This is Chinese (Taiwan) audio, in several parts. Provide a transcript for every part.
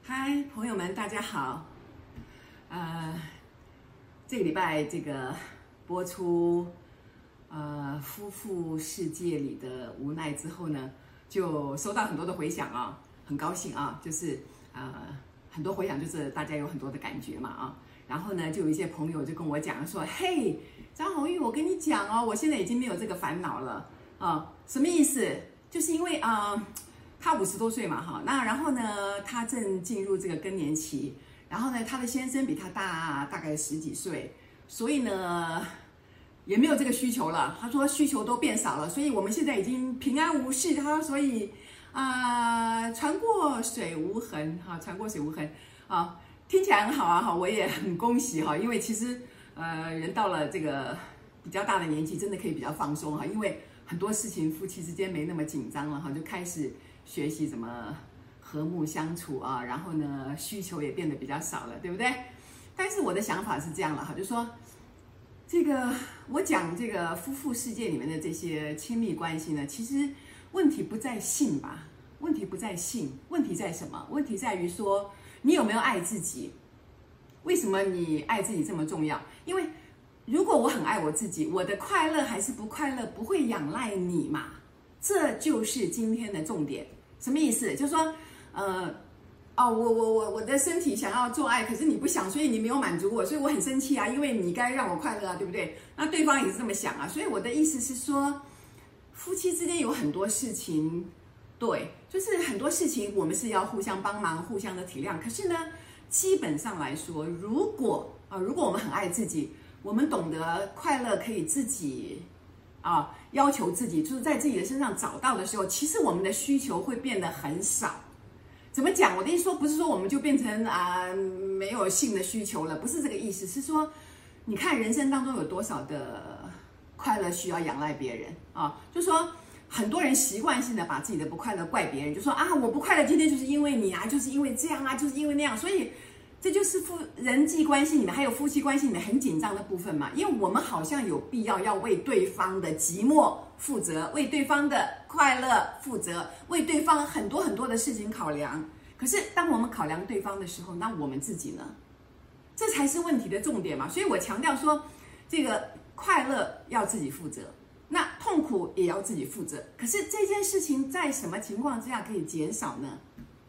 嗨，Hi, 朋友們，大家好。呃，這個禮拜這個播出呃《夫婦世界》裡的無奈之後呢，就收到很多的迴響啊、哦，很高興啊，就是呃。很多回想，就是大家有很多的感覺嘛啊，然後呢，就有一些朋友就跟我講說：“嘿，張鴻玉，我跟你講哦，我現在已經沒有這個煩惱了啊、哦，什麼意思？就是因為啊，她、呃、五十多歲嘛哈、哦，那然後呢，她正進入這個更年期，然後呢，她的先生比她大大概十幾歲，所以呢也沒有這個需求了。她說需求都變少了，所以我們現在已經平安無事。她說所以。”啊，船過水無痕哈，船過水無痕啊，聽起來很好啊哈，我也很恭喜哈，因為其實呃，人到了這個比較大的年紀，真的可以比較放鬆哈，因為很多事情夫妻之間沒那麼緊張了哈，就開始學習怎麼和睦相處啊，然後呢，需求也變得比較少了，對不對？但是我的想法是這樣了哈，就說，這個我講這個夫婦世界裡面的這些親密關係呢，其實。問題不在性吧？問題不在性，問題在什麼？問題在於說你有沒有愛自己？為什麼你愛自己這麼重要？因為如果我很愛我自己，我的快樂還是不快樂不會仰賴你嘛。這就是今天的重點。什麼意思？就是說，呃，哦，我我我我的身體想要做愛，可是你不想，所以你沒有滿足我，所以我很生氣啊，因為你該讓我快樂啊，對不對？那對方也是這麼想啊，所以我的意思是說。夫妻之間有很多事情，對，就是很多事情我們是要互相幫忙、互相的體諒。可是呢，基本上來說，如果啊，如果我們很愛自己，我們懂得快樂可以自己啊，要求自己，就是在自己的身上找到的時候，其實我們的需求會變得很少。怎麼講？我的意思說，不是說我們就變成啊沒有性的需求了，不是這個意思，是說，你看人生當中有多少的快樂需要仰賴別人。啊、哦，就說很多人習慣性的把自己的不快樂怪別人，就說啊，我不快樂，今天就是因為你啊，就是因為這樣啊，就是因為那樣，所以這就是夫人際關係裡面還有夫妻關係裡面很緊張的部分嘛。因為我們好像有必要要為對方的寂寞負責，為對方的快樂負責，為對方很多很多的事情考量。可是當我們考量對方的時候，那我們自己呢？這才是問題的重點嘛。所以我強調說，這個快樂要自己負責。痛苦也要自己負責。可是這件事情在什麼情況之下可以減少呢？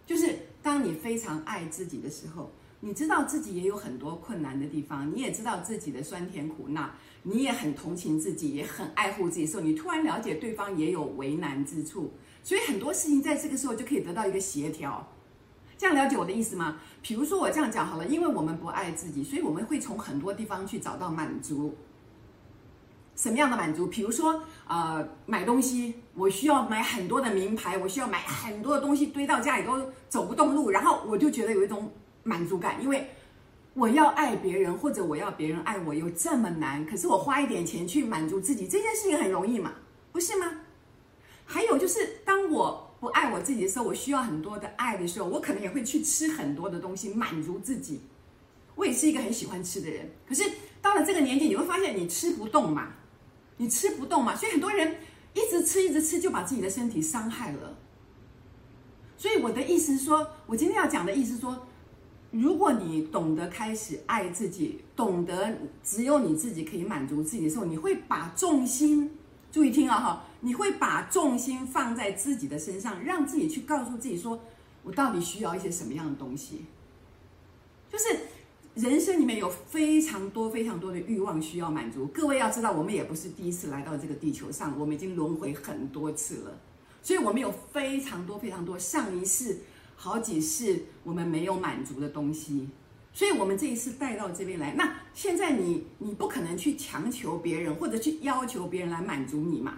就是當你非常愛自己的時候，你知道自己也有很多困難的地方，你也知道自己的酸甜苦辣，你也很同情自己，也很愛護自己的時候，你突然了解對方也有為難之處，所以很多事情在這個時候就可以得到一個協調。這樣了解我的意思嗎？比如說我這樣講好了，因為我們不愛自己，所以我們會從很多地方去找到滿足。什麼樣的滿足？比如說，呃，買東西，我需要買很多的名牌，我需要買很多的東西堆到家裡都走不動路，然後我就覺得有一種滿足感，因為我要愛別人或者我要別人愛我又這麼難，可是我花一點錢去滿足自己這件事情很容易嘛，不是嗎？還有就是當我不愛我自己的時候，我需要很多的愛的時候，我可能也會去吃很多的東西滿足自己。我也是一個很喜歡吃的人，可是到了這個年紀，你會發現你吃不動嘛。你吃不動嘛，所以很多人一直吃一直吃，就把自己的身體傷害了。所以我的意思說，我今天要講的意思說，如果你懂得開始愛自己，懂得只有你自己可以滿足自己的時候，你會把重心，注意聽啊哈，你會把重心放在自己的身上，讓自己去告訴自己說，我到底需要一些什麼樣的東西，就是。人生裡面有非常多非常多的慾望需要滿足，各位要知道，我們也不是第一次來到這個地球上，我們已經輪迴很多次了，所以我們有非常多非常多上一世、好幾世我們沒有滿足的東西，所以我們這一次帶到這邊來。那現在你你不可能去強求別人，或者去要求別人來滿足你嘛，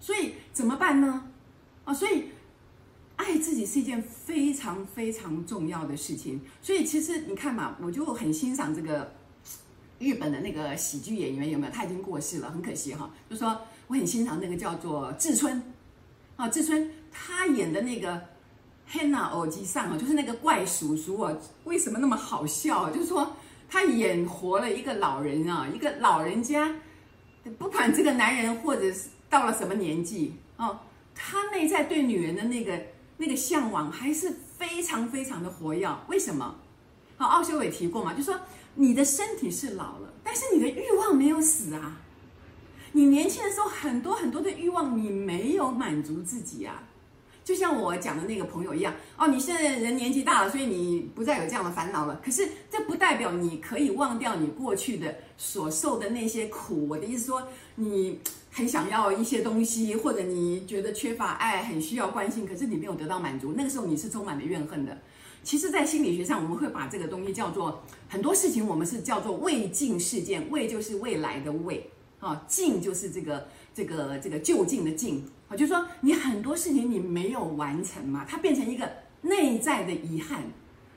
所以怎麼辦呢？啊，所以。愛自己是一件非常非常重要的事情，所以其實你看嘛，我就很欣賞這個日本的那個喜劇演員，有沒有？他已經過世了，很可惜哈。就說我很欣賞那個叫做志村啊，志村他演的那個《Hanna》歐吉桑啊，就是那個怪叔叔哦、啊，為什麼那麼好笑、啊？就是說他演活了一個老人啊，一個老人家，不管這個男人或者是到了什麼年紀哦、啊，他內在對女人的那個。那個嚮往還是非常非常的活躍。為什麼？好，奧修偉也提過嘛，就說你的身體是老了，但是你的慾望沒有死啊。你年輕的時候很多很多的慾望，你沒有滿足自己啊。就像我講的那個朋友一樣哦，你現在人年紀大了，所以你不再有這樣的煩惱了。可是這不代表你可以忘掉你過去的所受的那些苦。我的意思說，你很想要一些東西，或者你覺得缺乏愛，很需要關心，可是你沒有得到滿足。那個時候你是充滿了怨恨的。其實，在心理學上，我們會把這個東西叫做很多事情，我們是叫做未盡事件，未就是未來的未。啊，靜就是這個這個這個就近的近，啊，就是說你很多事情你沒有完成嘛，它變成一個內在的遺憾。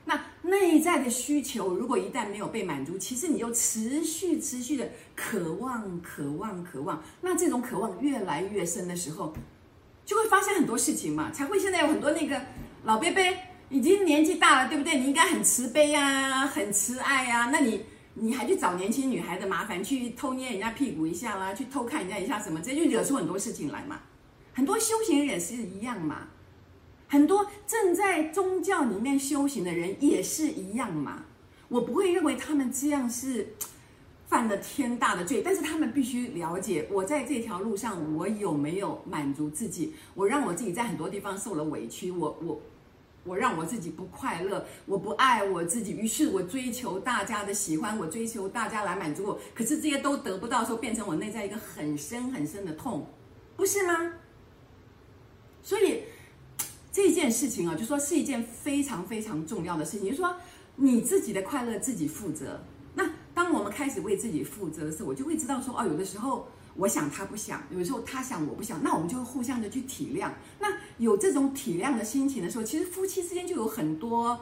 那內在的需求如果一旦沒有被滿足，其實你又持續持續的渴望渴望渴望。那這種渴望越來越深的時候，就會發生很多事情嘛，才會現在有很多那個老貝貝已經年紀大了，對不對？你應該很慈悲呀，很慈愛呀，那你。你還去找年輕女孩的麻煩，去偷捏人家屁股一下啦，去偷看人家一下什麼，這就惹出很多事情來嘛。很多修行人也是一樣嘛，很多正在宗教裡面修行的人也是一樣嘛。我不會認為他們這樣是犯了天大的罪，但是他們必須了解，我在這條路上我有沒有滿足自己，我讓我自己在很多地方受了委屈，我我。我讓我自己不快樂，我不愛我自己，於是我追求大家的喜歡，我追求大家來滿足我，可是這些都得不到的時候，變成我內在一個很深很深的痛，不是嗎？所以這件事情啊，就說是一件非常非常重要的事情，就是說你自己的快樂自己負責。那當我們開始為自己負責的時候，我就會知道說，哦，有的時候。我想他不想，有時候他想我不想，那我們就互相的去體諒。那有這種體諒的心情的時候，其實夫妻之間就有很多，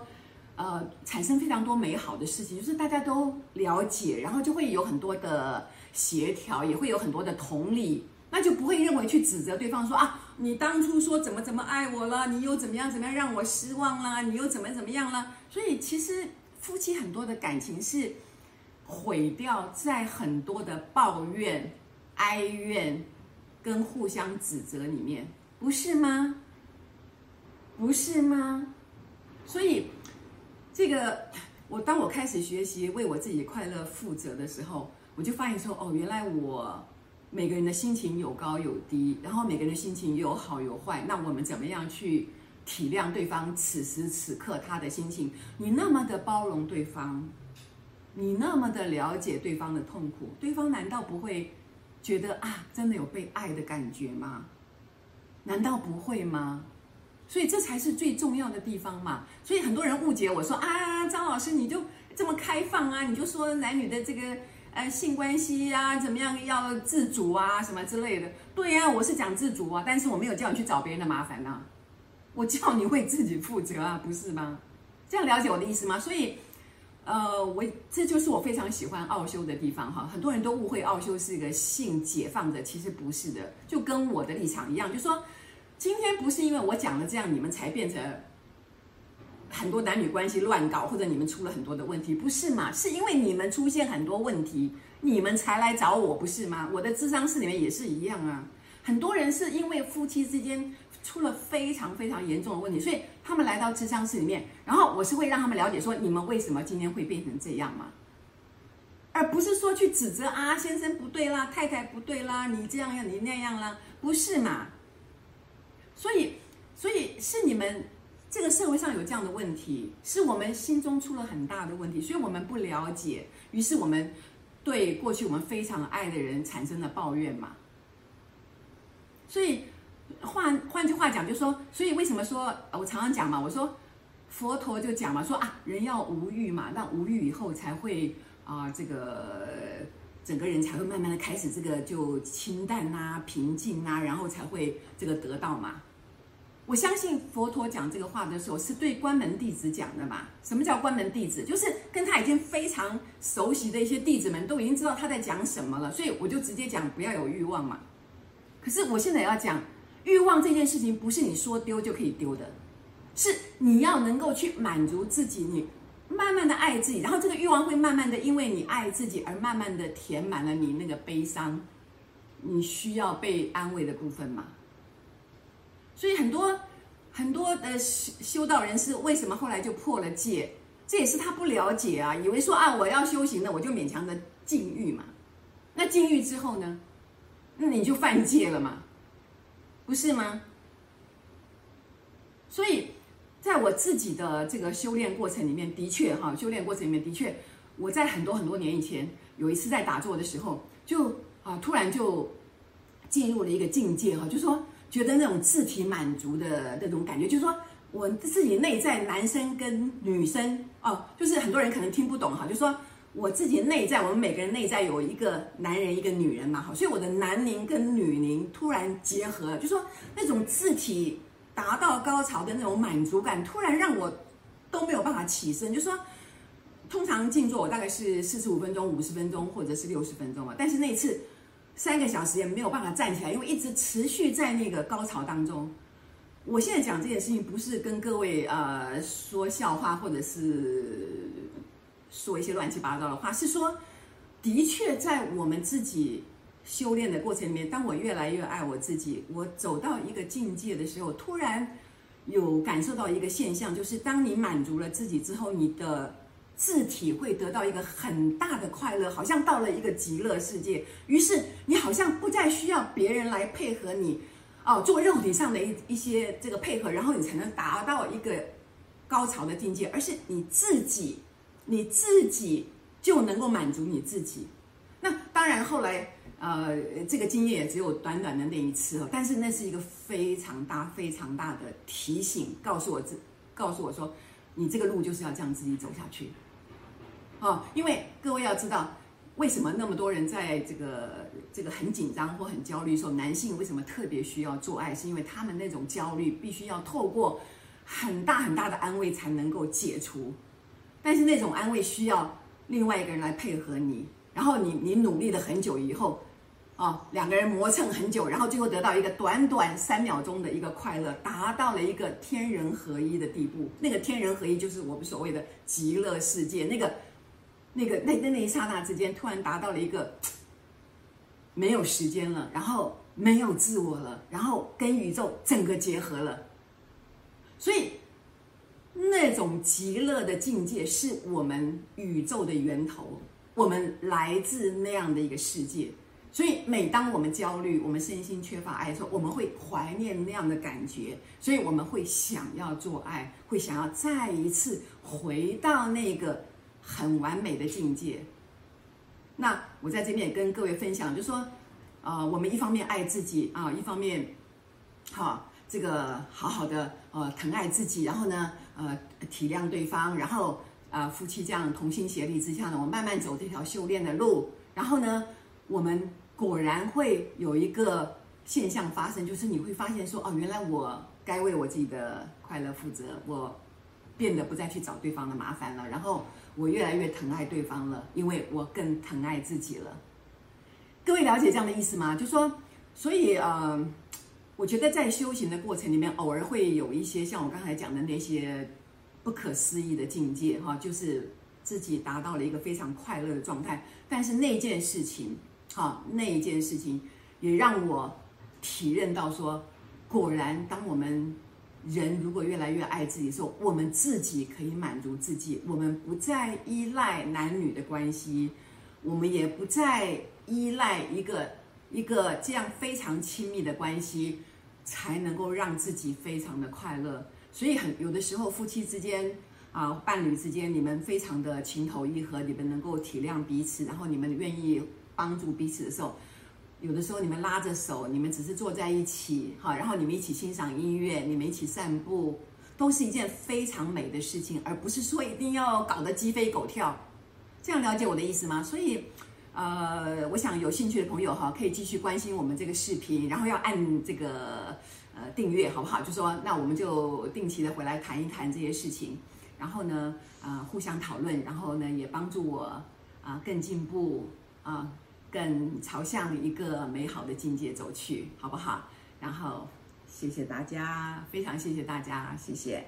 呃，產生非常多美好的事情。就是大家都了解，然後就會有很多的協調，也會有很多的同理，那就不會認為去指責對方說啊，你當初說怎麼怎麼愛我了，你又怎麼樣怎麼樣讓我失望了，你又怎麼怎麼樣了。所以其實夫妻很多的感情是毀掉在很多的抱怨，哀怨，跟互相指責裡面，不是嗎？不是嗎？所以，這個我當我開始學習為我自己快樂負責的時候，我就發現說，哦，原來我每個人的心情有高有低，然後每個人的心情有好有壞。那我們怎麼樣去體諒對方此時此刻他的心情？你那麼的包容對方，你那麼的了解對方的痛苦，對方難道不會？覺得啊，真的有被愛的感覺嗎？難道不會嗎？所以這才是最重要的地方嘛。所以很多人誤解我說啊，張老師你就這麼開放啊，你就說男女的這個呃性關係啊，怎麼樣要自主啊什麼之類的。對呀，我是講自主啊，但是我沒有叫你去找別人的麻煩吶，我叫你為自己負責啊，不是嗎？這樣了解我的意思嗎？所以。呃，我這就是我非常喜歡奧修的地方哈。很多人都誤會奧修是一個性解放者，其實不是的，就跟我的立場一樣，就說今天不是因為我講了這樣，你們才變成很多男女關係亂搞，或者你們出了很多的問題，不是嘛？是因為你們出現很多問題，你們才來找我，不是嗎？我的諮商室裡面也是一樣啊，很多人是因為夫妻之間。出了非常非常嚴重的問題，所以他們來到諮商室裡面，然後我是會讓他們了解說你們為什麼今天會變成這樣嘛，而不是說去指責啊先生不對啦，太太不對啦，你這樣樣你那樣啦。不是嘛？所以，所以是你們這個社會上有這樣的問題，是我們心中出了很大的問題，所以我們不了解，於是我們對過去我們非常愛的人產生了抱怨嘛，所以。換換句話講，就說，所以為什麼說我常常講嘛，我說佛陀就講嘛，說啊，人要無欲嘛，那無欲以後才會啊、呃，這個整個人才會慢慢的開始這個就清淡吶、啊、平靜吶、啊，然後才會這個得到嘛。我相信佛陀講這個話的時候，是對關門弟子講的嘛，什麼叫關門弟子？就是跟他已經非常熟悉的一些弟子們，都已經知道他在講什麼了，所以我就直接講不要有慾望嘛。可是我現在要講。欲望這件事情不是你說丟就可以丟的，是你要能夠去滿足自己，你慢慢的愛自己，然後這個欲望會慢慢的因為你愛自己而慢慢的填滿了你那個悲傷，你需要被安慰的部分嘛。所以很多很多的修修道人士為什麼後來就破了戒，這也是他不了解啊，以為說啊，我要修行了，我就勉強的禁欲嘛，那禁欲之後呢，那你就犯戒了嘛。不是嗎？所以，在我自己的這個修煉過程裡面，的確哈，修煉過程裡面的確，我在很多很多年以前有一次在打坐的時候，就啊，突然就進入了一個境界哈，就說覺得那種自體滿足的那種感覺，就是說我自己內在男生跟女生哦，就是很多人可能聽不懂哈，就說。我自己內在，我們每個人內在有一個男人，一個女人嘛，好，所以我的男靈跟女靈突然結合，就說那種自體達到高潮的那種滿足感，突然讓我都沒有辦法起身，就說通常靜坐我大概是四十五分鐘、五十分鐘或者是六十分鐘啊，但是那一次三個小時也沒有辦法站起來，因為一直持續在那個高潮當中。我現在講這件事情不是跟各位呃說笑話，或者是。說一些亂七八糟的話，是說，的確在我們自己修煉的過程裡面，當我越來越愛我自己，我走到一個境界的時候，突然有感受到一個現象，就是當你滿足了自己之後，你的自體會得到一個很大的快樂，好像到了一個極樂世界。於是你好像不再需要別人來配合你，哦，做肉體上的一一些這個配合，然後你才能達到一個高潮的境界，而是你自己。你自己就能夠滿足你自己，那當然後來呃這個經驗也只有短短的那一次哦，但是那是一個非常大非常大的提醒，告訴我自告訴我說，你這個路就是要這樣自己走下去，哦，因為各位要知道為什麼那麼多人在這個這個很緊張或很焦慮的時候，男性為什麼特別需要做愛，是因為他們那種焦慮必須要透過很大很大的安慰才能夠解除。但是那種安慰需要另外一個人來配合你，然後你你努力了很久以後，啊，兩個人磨蹭很久，然後最後得到一個短短三秒鐘的一個快樂，達到了一個天人合一的地步。那個天人合一就是我們所謂的極樂世界。那個，那個那那那一剎那之間，突然達到了一個沒有時間了，然後沒有自我了，然後跟宇宙整個結合了。所以。這種極樂的境界是我們宇宙的源頭，我們來自那樣的一個世界，所以每當我們焦慮，我們身心缺乏愛的時候，我們會懷念那樣的感覺，所以我們會想要做愛，會想要再一次回到那個很完美的境界。那我在這邊也跟各位分享，就是說啊，呃，我們一方面愛自己啊，一方面，好，啊。這個好好的，呃，疼愛自己，然後呢，呃，體諒對方，然後啊，呃，夫妻這樣同心協力之下呢，我慢慢走這條修煉的路，然後呢，我們果然會有一個現象發生，就是你會發現說，哦，原來我該為我自己的快樂負責，我變得不再去找對方的麻煩了，然後我越來越疼愛對方了，因為我更疼愛自己了。各位了解這樣的意思嗎？就說，所以呃……我覺得在修行的過程裡面，偶爾會有一些像我剛才講的那些不可思議的境界，哈，就是自己達到了一個非常快樂的狀態。但是那件事情，哈，那一件事情也讓我體認到說，果然，當我們人如果越來越愛自己的時候，說我們自己可以滿足自己，我們不再依賴男女的關係，我們也不再依賴一個。一個這樣非常親密的關係，才能夠讓自己非常的快樂。所以很有的時候夫妻之間啊，伴侶之間，你們非常的情投意合，你們能夠體諒彼此，然後你們願意幫助彼此的時候，有的時候你們拉着手，你們只是坐在一起哈，啊，然後你們一起欣賞音樂，你們一起散步，都是一件非常美的事情，而不是說一定要搞得雞飛狗跳。這樣了解我的意思嗎？所以。呃，我想有興趣的朋友哈，可以繼續關心我們這個視頻，然後要按這個呃訂閱，好不好？就說那我們就定期的回來談一談這些事情，然後呢，啊、呃，互相討論，然後呢，也幫助我啊、呃、更進步啊、呃，更朝向一個美好的境界走去，好不好？然後謝謝大家，非常謝謝大家，謝謝。